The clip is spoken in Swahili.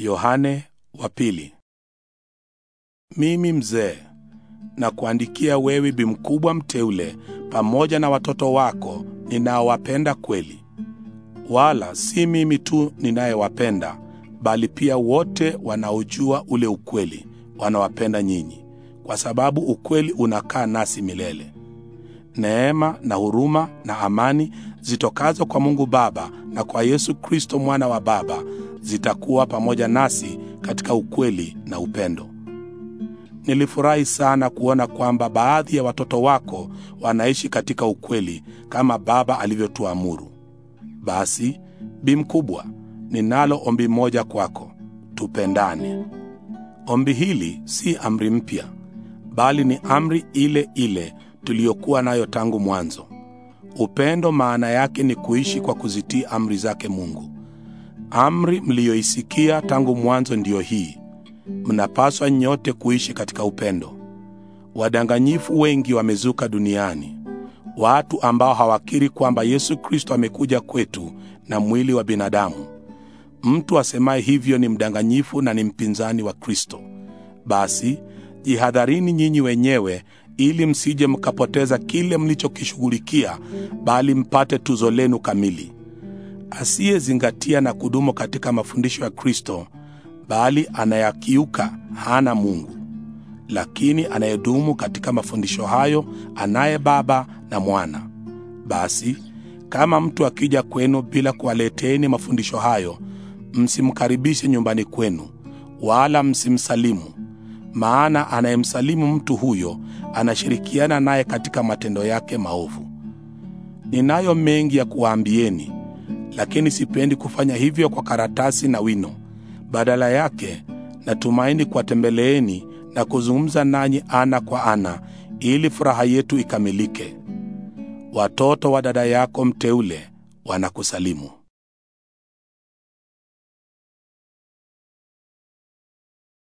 Yohane wa pili. Mimi mzee nakuandikia wewe bi mkubwa mteule, pamoja na watoto wako ninaowapenda kweli. Wala si mimi tu ninayewapenda, bali pia wote wanaojua ule ukweli wanawapenda nyinyi, kwa sababu ukweli unakaa nasi milele. Neema na huruma na amani zitokazo kwa Mungu Baba na kwa Yesu Kristo mwana wa Baba zitakuwa pamoja nasi katika ukweli na upendo. Nilifurahi sana kuona kwamba baadhi ya watoto wako wanaishi katika ukweli kama Baba alivyotuamuru. Basi Bi mkubwa, ninalo ombi moja kwako, tupendane. Ombi hili si amri mpya, bali ni amri ile ile tuliyokuwa nayo tangu mwanzo. Upendo maana yake ni kuishi kwa kuzitii amri zake Mungu. Amri mliyoisikia tangu mwanzo ndiyo hii: mnapaswa nyote kuishi katika upendo. Wadanganyifu wengi wamezuka duniani, watu ambao hawakiri kwamba Yesu Kristo amekuja kwetu na mwili wa binadamu. Mtu asemaye hivyo ni mdanganyifu na ni mpinzani wa Kristo. Basi jihadharini nyinyi wenyewe ili msije mkapoteza kile mlichokishughulikia, bali mpate tuzo lenu kamili asiyezingatia na kudumu katika mafundisho ya Kristo, bali anayakiuka hana Mungu. Lakini anayedumu katika mafundisho hayo anaye Baba na Mwana. Basi kama mtu akija kwenu bila kuwaleteeni mafundisho hayo, msimkaribishe nyumbani kwenu, wala msimsalimu. Maana anayemsalimu mtu huyo anashirikiana naye katika matendo yake maovu. Ninayo mengi ya kuwaambieni, lakini sipendi kufanya hivyo kwa karatasi na wino. Badala yake, natumaini kuwatembeleeni na kuzungumza nanyi ana kwa ana, ili furaha yetu ikamilike. Watoto wa dada yako mteule wanakusalimu.